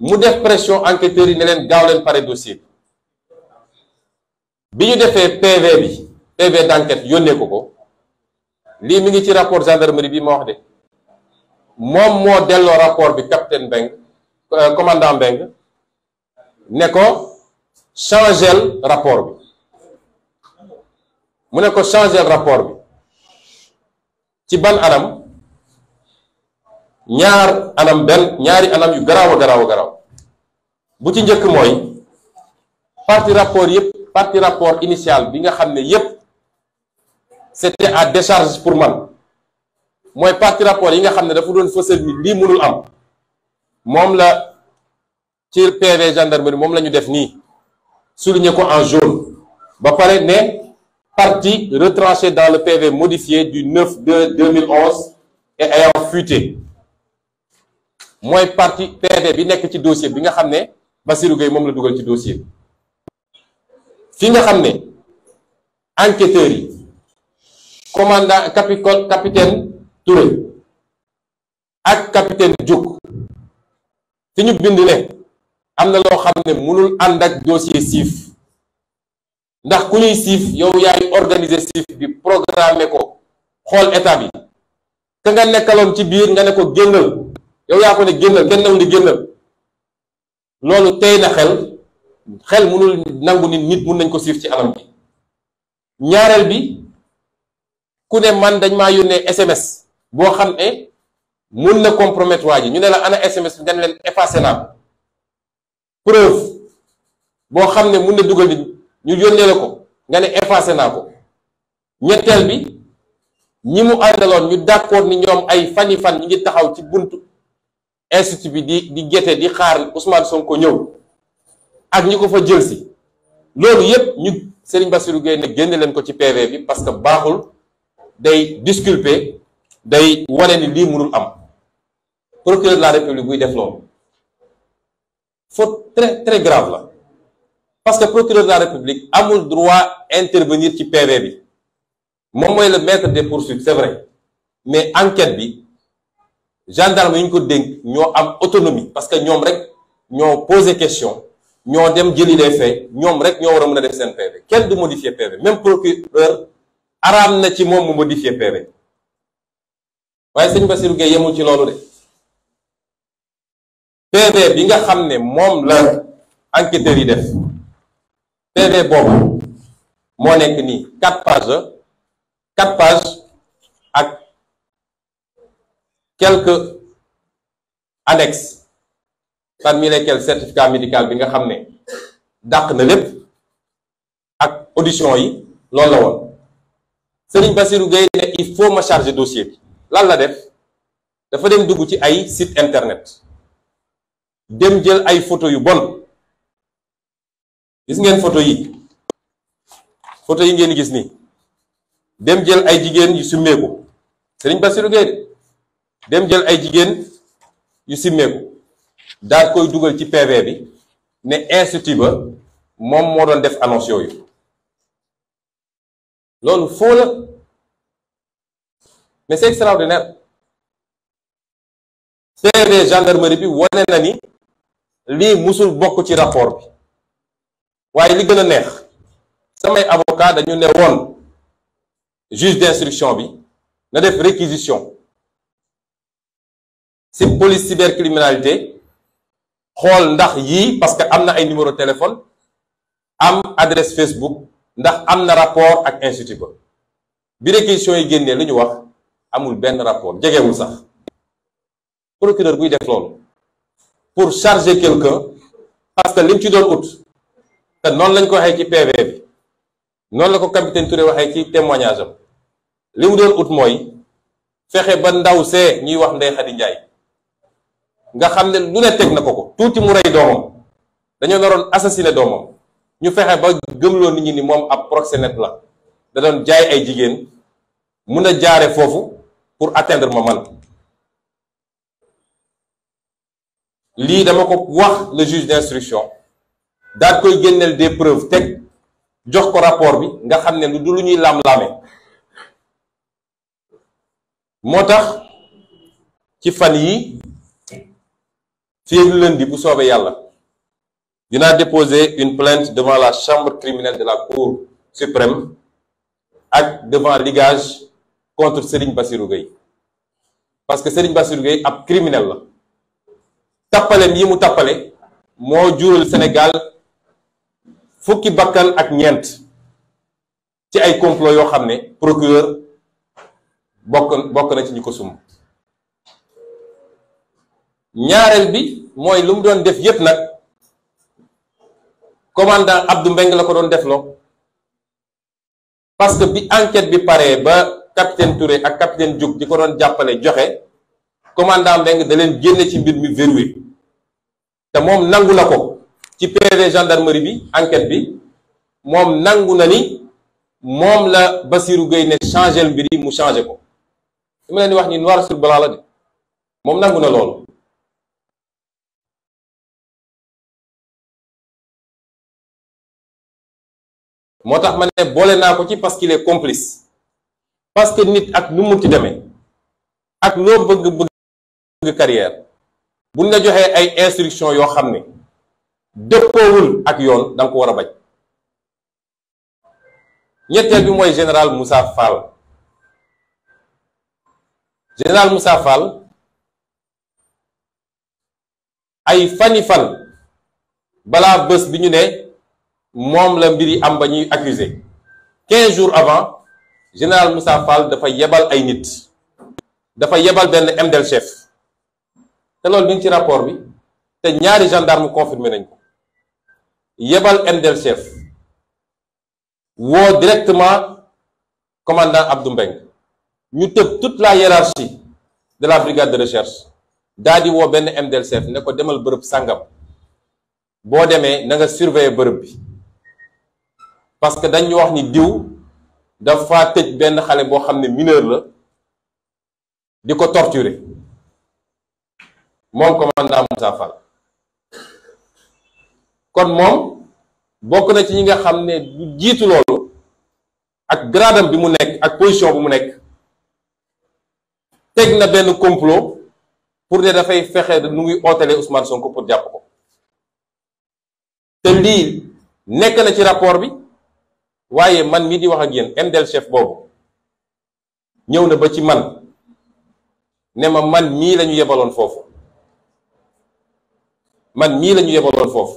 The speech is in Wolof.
mu def pression enquêteurs yi ne leen gaaw leen pare dossier bi ñu defee PV bi PV d' enquête yónnee ko ko lii mu ngi ci rapport gendarmerie bi ma wax de moom moo delloo rapport bi capitaine Mbengue euh, commandant Mbengue ne ko changel rapport bi mu ne ko changel rapport bi ci ban anam ñaar anam benn ñaari anam yu garaaw a garaw bu ci njëkk mooy parti rapport yëpp parti rapport initial bi nga xam ne yëpp c'était à décharge pour man mooy parti rapport yi nga xam ne dafa doon fësal ni lii mënul am moom la ci PV gendarmerie moom la ñu def nii souligner ko en jaune ba pare ne parti retranché dans le PV modifié du 9 2 2011 et ayant fuité mooy parti PV bi nekk ci dossier bi nga xam ne Bassirou Gueye moom la dugal ci dossier fi nga xam ne enquêteurs yi commandant capicole capitaine Touré ak capitaine Diouk fi ñu bind ne am na loo xam ne mënul ànd ak dossier siif ndax ku ñuy siif yow yaay organiser siif bi programmer ko xool état bi ka nga nekkaloon ci biir nga ne ko génnal yow yaa ko ne génnal kenn newul di génnal loolu tey na xel xel mënul nangu nit nit mun nañ ko siif ci anam bi ñaareel bi ku ne man dañ maa yónnee SMS boo xam ne mun na compromettre waa ji ñu ne la ana SMS bi nga ne leen effacé naa ko preuve boo xam ne mun na dugal nit ñu yónnee la ko nga ne effacé naa ko ñetteel bi ñi mu àndaloon ñu d'accord ni ñoom ay fani fan ñi ngi taxaw ci bunt institut bi di di géte di xaar Ousmane Sonko ñëw ak ñi ko fa jël si loolu yépp ñu Serigne Bassirou Gueye ne génne leen ko ci PV bi parce que baaxul day disculper day wane ni lii mënul am procureur de la république buy def loolu faute très très grave la parce que procureur de la république amul droit intervenir ci PV bi moom mooy le maître de poursuites c'est vrai mais enquête bi gendarme yi ñu ko dénk ñoo am autonomie parce que ñoom rek ñoo posé question ñoo dem jëli les ñoom rek ñoo war a mën a def seen PV kenn du modifier PV même procureur araam na ci moom mu modifier PV waaye sëñ Bassirou Gueye yemul ci loolu de PV bi nga xam ne moom la enquêteurs yi def PV boobu moo nekk nii quatre pages quatre pages quelques annexes parmi lesquelles certificat médical bi nga xam ne dàq na lépp ak audition yi loolu la woon Serigne Bassirou Gueye ne il faut ma charger dossier bi lan la def dafa dem dugg ci ay site internet dem jël ay photo yu bon gis ngeen photo yi photo yi ngeen gis nii dem jël ay jigéen yu summeeku Serigne Bassirou Gueye dem jël ay jigéen yu simmeeku daal koy dugal ci PV bi ne institut ba moom moo doon def annonce yooyu loolu foo la mais c'est extraordinaire PV gendarmerie bi wane na ni lii musul bokk ci rapport bi waaye li gën a neex samay avocat dañu ne woon juge d'instruction bi na def réquisition si police cybercriminalité xool ndax yii parce que am na ay numéro téléphone am adresse Facebook ndax am na rapport ak institut ba bi réquisition yi génnee lu ñu wax amul benn rapport jegewul sax procureur buy def loolu pour charger quelqu'un parce que lim ci doon ut te noonu lañ ko waxee ci PV bi noonu la ko capitaine Touré waxee ci témoignage am li mu doon ut mooy fexe ba ndaw see ñuy wax Ndeye Khady Ndiaye nga xam ne lu ne teg na ko ko tuuti mu rey doomam dañoo naroon assassiné doomam ñu fexe ba gëmloo nit ñi ni moom ab proxénète la da doon jaay ay jigéen mun a jaare foofu pour atteindre ma man lii dama ko wax le juge d'instruction daal koy génneel des preuves teg jox ko rapport bi nga xam ne lu du lu ñuy laam-laame moo tax ci fan yi fii leen lundi bu soobee yàlla dinaa déposer une plainte devant la chambre criminelle de la cour suprême ak devant ligage contre Serigne Bassirou Gueye parce que Serigne Bassirou Gueye ab criminel la tappalem yi mu tappale moo jural Sénégal fukki bakkan ak ñeent ci ay complot yoo xam ne procureur bokk bokk na ci ñu ko sumb ñaareel bi mooy lu mu doon def yëpp nag commandant Abdou Mbengue la ko doon def loo parce que bi enquête bi paree ba capitaine Touré ak capitaine jóg di ko doon jàppale joxe commandant Mbengue daleen jénne génne ci mbir mi verrouillé te moom nangu na ko ci PV gendarmerie bi enquête bi moom nangu na ni moom la bassiru Gueye ne changé mbir yi mu changé ko li leen di wax ni noir sur blanc la de moom nangu na loolu moo tax ma ne boole naa ko ci parce qu'il est complice parce que nit ak nu mu ci demee ak loo bëgg bëgg carrière buñ la joxee ay instruction yoo xam ne dëppoowul ak yoon da ko war a bañ ñetteel bi mooy général Moussa Fall général Moussa Fall ay fani fan balaa bés bi ñu ne moom la mbir yi am ba ñuy accusé quinze jours avant général Moussa Fall dafa yebal ay nit dafa yebal benn MDL chef te loolu ñu ci rapport bi te ñaari gendarme confirmé nañ ko yebal MDL chef woo directement commandant Abdou Mbengue ñu tëb toute la hiérarchie de la brigade de recherche daal di woo benn MDL chef ne ko demal bërëb sàngam boo demee nanga nga bërëb bi parce que dañ wax ni diw dafa tëj benn xale boo xam ne mineur la di ko torturer moom commandant Moussa kon moom bokk na ci ñi nga xam ne du jiitu loolu ak gradam bi mu nekk ak position bi mu nekk teg na benn complot pour de dafay fexe nu ngi ootale Ousmane Sonko pour jàpp ko te lii nekk na ci rapport bi waaye man mi di wax a yéen indel chef boobu ñëw na ba ci man ne ma man mii lañu ñu yebaloon foofu man mii la ñu yebaloon foofu